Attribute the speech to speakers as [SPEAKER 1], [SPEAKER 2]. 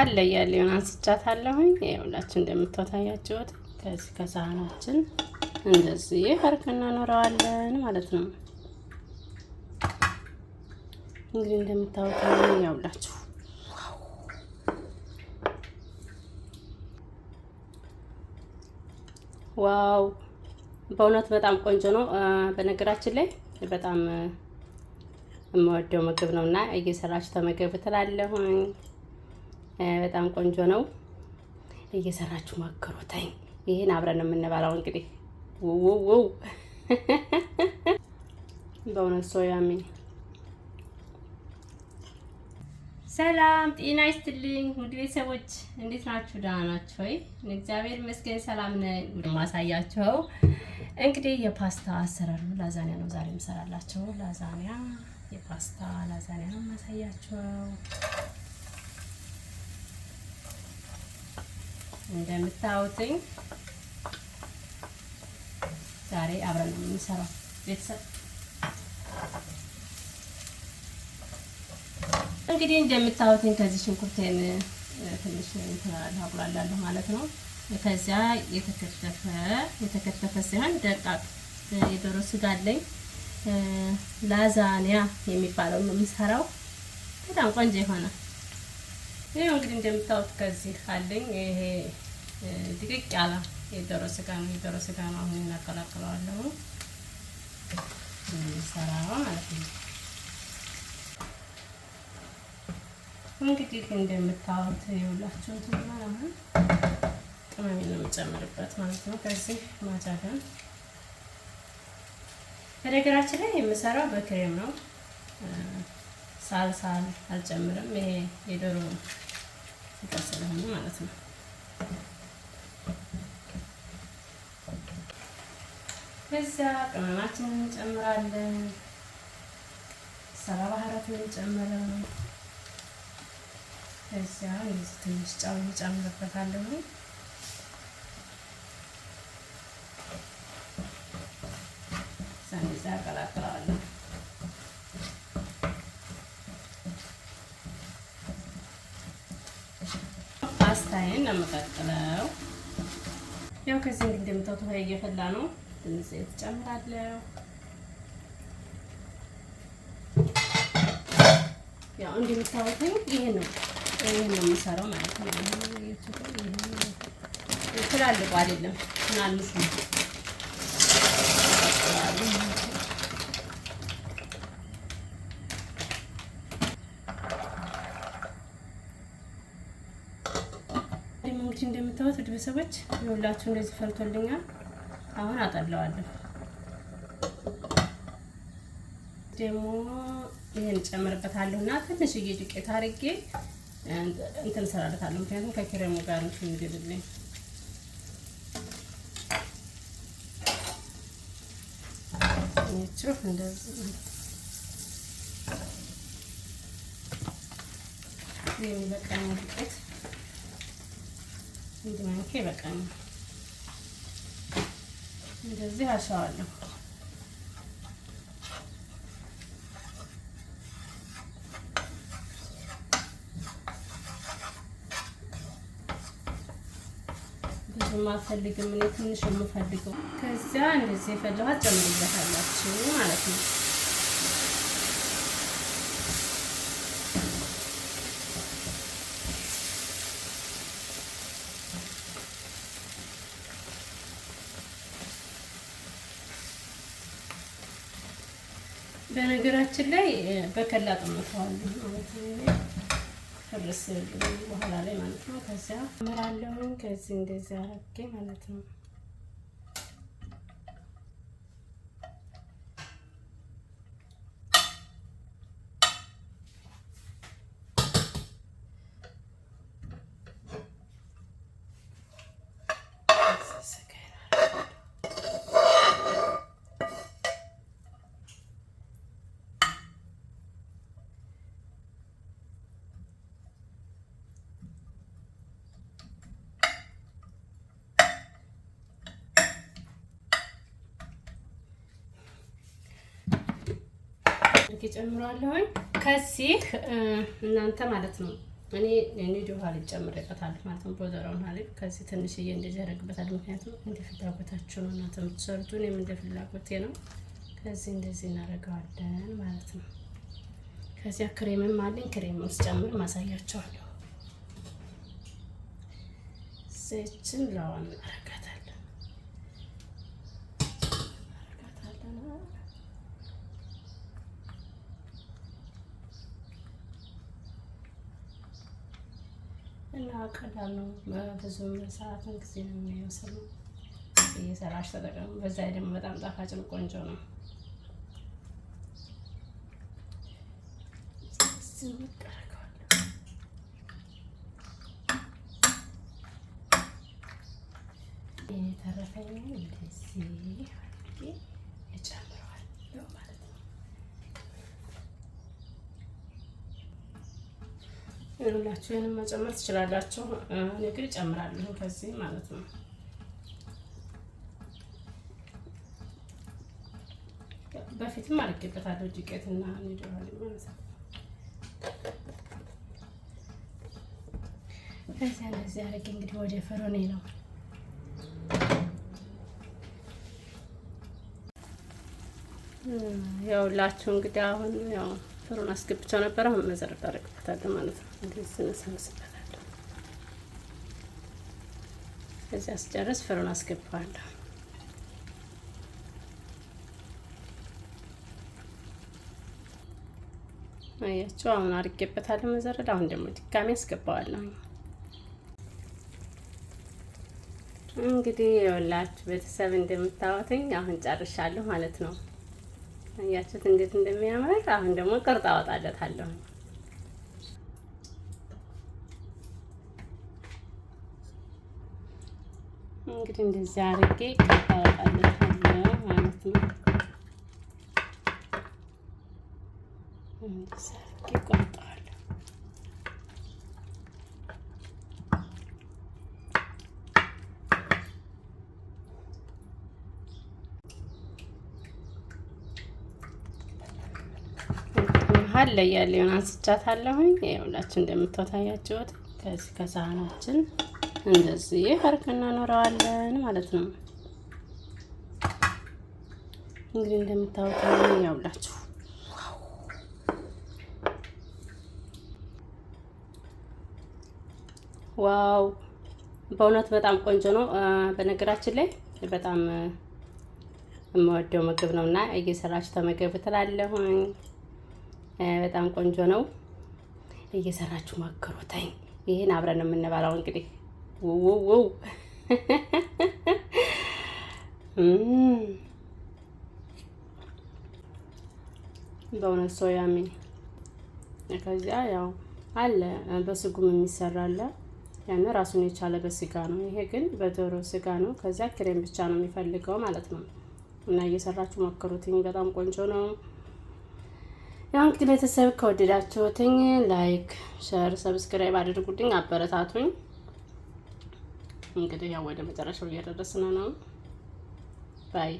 [SPEAKER 1] አለ ያለ የሆነ አንስቻት አለሁኝ ሁላችሁ እንደምታታያችሁት ከዚህ ከሳህናችን እንደዚህ አድርገን እናኖረዋለን ማለት ነው። እንግዲህ እንደምታወታ ያውላችሁ ዋው በእውነት በጣም ቆንጆ ነው። በነገራችን ላይ በጣም የምወደው ምግብ ነው እና እየሰራችሁ ተመገብ ትላለሁኝ። በጣም ቆንጆ ነው። እየሰራችሁ ሞክሩታኝ። ይህን አብረን የምንበላው እንግዲህ ውውው በእውነት ሰው ያሚኝ ሰላም ጤና ይስጥልኝ ውድ ቤተሰቦች እንዴት ናችሁ? ደህና ናችሁ ወይ? እግዚአብሔር ይመስገን ሰላም ነኝ። ማሳያቸው እንግዲህ የፓስታ አሰራሩ ላዛኒያ ነው ዛሬ የምሰራላቸው። ላዛኒያ የፓስታ ላዛኒያ ነው ማሳያቸው። እንደምታዩትኝ ዛሬ አብረን ነው የምንሰራው ቤተሰብ። እንግዲህ እንደምታዩትኝ ከዚህ ሽንኩርቴን ትንሽ ታጉላላለሁ ማለት ነው። ከዚያ የተከተፈ የተከተፈ ሲሆን ደቃቅ የዶሮ ስጋ አለኝ። ላዛኒያ የሚባለው ነው የምሰራው። በጣም ቆንጆ ይሆናል። ይሄው እንግዲህ እንደምታዩት ከዚህ አለኝ። ይሄ ድቅቅ ያለ የዶሮ ስጋ ነው። የዶሮ ስጋ ነው። አሁን እናቀላቅለዋለሁ ሰራ ማለት ነው። እንግዲህ እንደምታዩት የሁላችሁ ትሆናል። አሁን ቅመሜ ነው የምጨምርበት ማለት ነው። ከዚህ ማጃገን በነገራችን ላይ የምሰራው በክሬም ነው። ሳልሳን አልጨምርም። ይሄ የዶሮ ስጋ ስለሆነ ማለት ነው። ከዚያ ቅመማችንን እንጨምራለን። ሰባ ባህራትን እንጨምረው። ከዚያ ትንሽ ጨው እንጨምርበታለን። እናመቃቅለው። ያው ከዚህ እንግዲህ እንደምታውቁት ውሃ እየፈላ ነው። ትንሽ ዘይት ጨምራለሁ። ያው እንደምታውቁት ይሄ ነው ይሄ ነው የምሰራው ማለት ነው። ትላልቁ አይደለም ምናልምስ ነው እንግዲህ እንደምታዩት ውድ ቤተሰቦች ሁላችሁ እንደዚህ ፈልቶልኛል። አሁን አጠለዋለሁ። ደግሞ ይህን ጨምርበታለሁ እና ትንሽዬ ዱቄት አድርጌ እንትን እሰራለታለሁ። ምክንያቱም ከክሬሙ ጋር ነው የሚገዝልኝ ይችሁ እንደዚህ የሚበቃኝ ዱቄት እንዲህ ማንኪያ ይበቃኛል። እንደዚህ አሸዋለሁ። ብዙም አልፈልግም እኔ ትንሽ የምፈልገው። ከዚያ እንደዚህ የፈላኋት ጨምርበታላችሁ ማለት ነው። በነገራችን ላይ በከላ ጥመተዋሉ ማለት ነው። ፍርስ በኋላ ላይ ማለት ነው። ከዚያ እመራለሁ ከዚህ እንደዚህ አረጌ ማለት ነው። አድርጌ ጨምረዋለሁኝ። ከዚህ እናንተ ማለት ነው እኔ ኒድ ውሃ ልጨምርበታለሁ ማለት ነው። ቦዘራውን ሀሊብ ከዚህ ትንሽዬ እንደዚህ ያደርግበታል። ምክንያቱም እንደ ፍላጎታችሁ ነው እናንተ የምትሰሩት፣ እኔም እንደ ፍላጎቴ ነው። ከዚህ እንደዚህ እናደርገዋለን ማለት ነው። ከዚያ ክሬምም አለኝ ክሬም ውስጥ ጨምር ማሳያቸዋለሁ። ዘይችን ለዋን እናደርጋለን እና አቅዳለሁ። ብዙ ሰዓትን ጊዜ ነው የሚወስድ ነው። እየሰራሽ ተጠቀሙ። በዛ ደግሞ በጣም ጣፋጭ ነው፣ ቆንጆ ነው። የተረፈኝ እንደዚህ አድርጌ የጨመ ሁላችሁንም መጨመር ትችላላችሁ። እኔ ግን እጨምራለሁ ከዚህ ማለት ነው። በፊትም አድርጌበታለሁ ዱቄትና ዶሮ ማለት ነው። ከዚያ እንደዚህ አድርጌ እንግዲህ ወደ ፍሮኔ ነው ያውላችሁ እንግዲህ አሁን ያው ከንፈሩን አስገብቻ ነበር። አሁን መዘረብ አደርግበታለሁ ማለት ነው። እንደዚህ ነሰንስበታለሁ። ከዚህ አስጨረስ ፈሩን አስገባዋለሁ። አያቸው አሁን አድርጌበታለሁ መዘረድ። አሁን ደግሞ ድጋሚ አስገባዋለሁ። እንግዲህ የወላችሁ ቤተሰብ እንደምታወትኝ አሁን ጨርሻለሁ ማለት ነው። እያችሁት እንዴት እንደሚያምር። አሁን ደግሞ ቅርጽ አወጣለታለሁ። እንግዲህ እንደዚህ አድርጌ ቅርጽ አወጣለታለሁ ማለት ነው። እንደዚህ አድርጌ አለ ያለ የሆነ አንስቻታለሁኝ። ሁላችሁ እንደምታታያችሁት ከዚህ ከሳህናችን እንደዚህ አድርገን እናኖረዋለን ማለት ነው። እንግዲህ እንደምታውቁት ያውላችሁ ዋው በእውነት በጣም ቆንጆ ነው። በነገራችን ላይ በጣም የምወደው ምግብ ነው እና እየሰራችሁ ተመገቡ ትላለሁኝ። በጣም ቆንጆ ነው። እየሰራችሁ ሞክሩታኝ። ይህን አብረን የምንበላው እንግዲህ ውውውው በእውነት ሰው ያሚ ከዚያ ያው አለ በስጉም የሚሰራ አለ ያን ራሱን የቻለ በስጋ ነው። ይሄ ግን በዶሮ ስጋ ነው። ከዚያ ክሬም ብቻ ነው የሚፈልገው ማለት ነው። እና እየሰራችሁ ሞክሩትኝ። በጣም ቆንጆ ነው። ያው እንግዲህ ቤተሰብ ከወደዳችሁትኝ ላይክ፣ ሸር፣ ሰብስክራይብ አድርጉልኝ፣ አበረታቱኝ። እንግዲህ ያው ወደ መጨረሻው እየደረስን ነው። ባይ